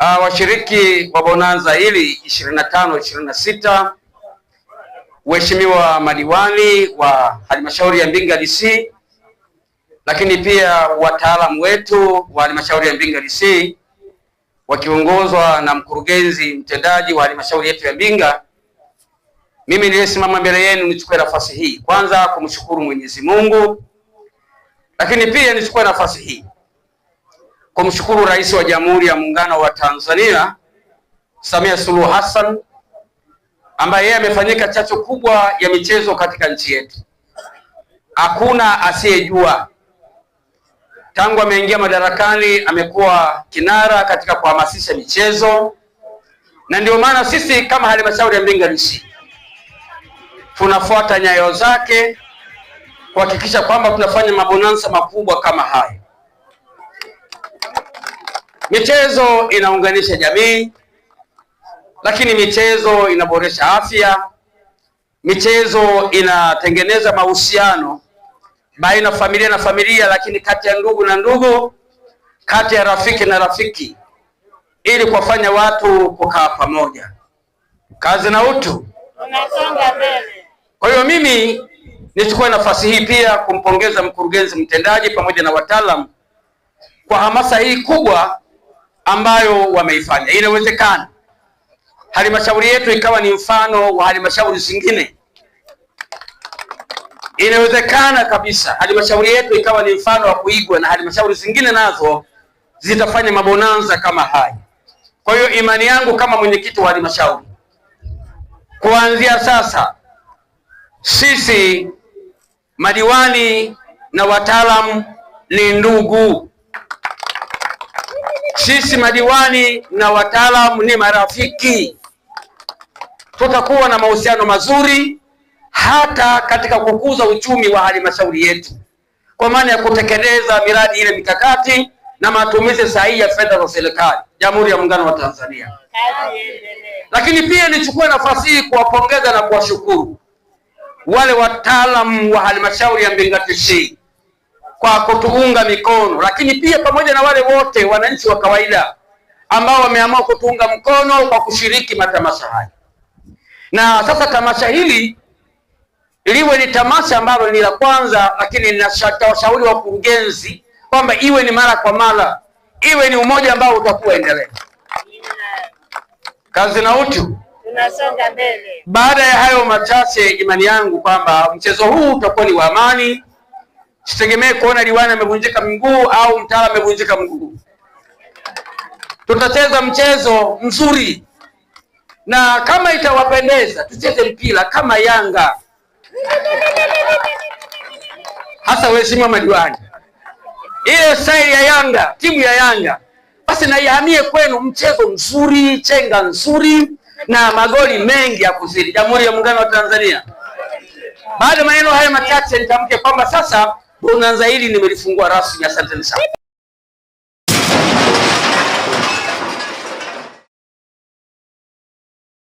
Uh, washiriki wa bonanza hili 25 26, waheshimiwa madiwani wa halmashauri ya Mbinga DC, lakini pia wataalamu wetu wa halmashauri ya Mbinga DC wakiongozwa na mkurugenzi mtendaji wa halmashauri yetu ya Mbinga, mimi niliyesimama mbele yenu nichukue nafasi hii kwanza kumshukuru Mwenyezi Mungu, lakini pia nichukue nafasi hii kumshukuru Rais wa Jamhuri ya Muungano wa Tanzania Samia Suluhu Hassan ambaye yeye amefanyika chachu kubwa ya michezo katika nchi yetu. Hakuna asiyejua tangu ameingia madarakani amekuwa kinara katika kuhamasisha michezo, na ndio maana sisi kama halmashauri ya Mbinga Lushi tunafuata nyayo zake kuhakikisha kwamba tunafanya mabonanza makubwa kama haya. Michezo inaunganisha jamii, lakini michezo inaboresha afya, michezo inatengeneza mahusiano baina familia na familia, lakini kati ya ndugu na ndugu, kati ya rafiki na rafiki, ili kuwafanya watu kukaa pamoja. Kazi na utu, tunasonga mbele. Kwa hiyo mimi nichukue nafasi hii pia kumpongeza mkurugenzi mtendaji pamoja na wataalamu kwa hamasa hii kubwa ambayo wameifanya. Inawezekana halmashauri yetu ikawa ni mfano wa halmashauri zingine. Inawezekana kabisa halmashauri yetu ikawa ni mfano wa kuigwa, na halmashauri zingine nazo zitafanya mabonanza kama haya. Kwa hiyo imani yangu kama mwenyekiti wa halmashauri, kuanzia sasa sisi madiwani na wataalamu ni ndugu. Sisi madiwani na wataalamu ni marafiki, tutakuwa na mahusiano mazuri hata katika kukuza uchumi wa halmashauri yetu, kwa maana ya kutekeleza miradi ile mikakati na matumizi sahihi ya fedha za serikali Jamhuri ya Muungano wa Tanzania. Lakini pia nichukue nafasi hii kuwapongeza na kuwashukuru wale wataalamu wa halmashauri ya Mbinga TC kwa kutuunga mikono, lakini pia pamoja na wale wote wananchi wa kawaida ambao wameamua kutuunga mkono kwa kushiriki matamasha haya. Na sasa tamasha hili liwe ni tamasha ambalo ni la kwanza, lakini wa wakurugenzi kwamba iwe ni mara kwa mara, iwe ni umoja ambao utakuwa endelevu. Kazi na utu, tunasonga mbele. Baada ya hayo machache, imani yangu kwamba mchezo huu utakuwa ni wa amani Sitegemee kuona diwani amevunjika mguu au mtaala amevunjika mguu. Tutacheza mchezo mzuri, na kama itawapendeza tucheze mpira kama Yanga, hasa waheshimiwa madiwani, ile staili ya Yanga, timu ya Yanga basi naihamie kwenu, mchezo mzuri, chenga nzuri na magoli mengi ya kuzidi Jamhuri ya Muungano wa Tanzania. Baada ya maneno haya machache, nitamke kwamba sasa Bonanza hili nimelifungua rasmi, asanteni sana.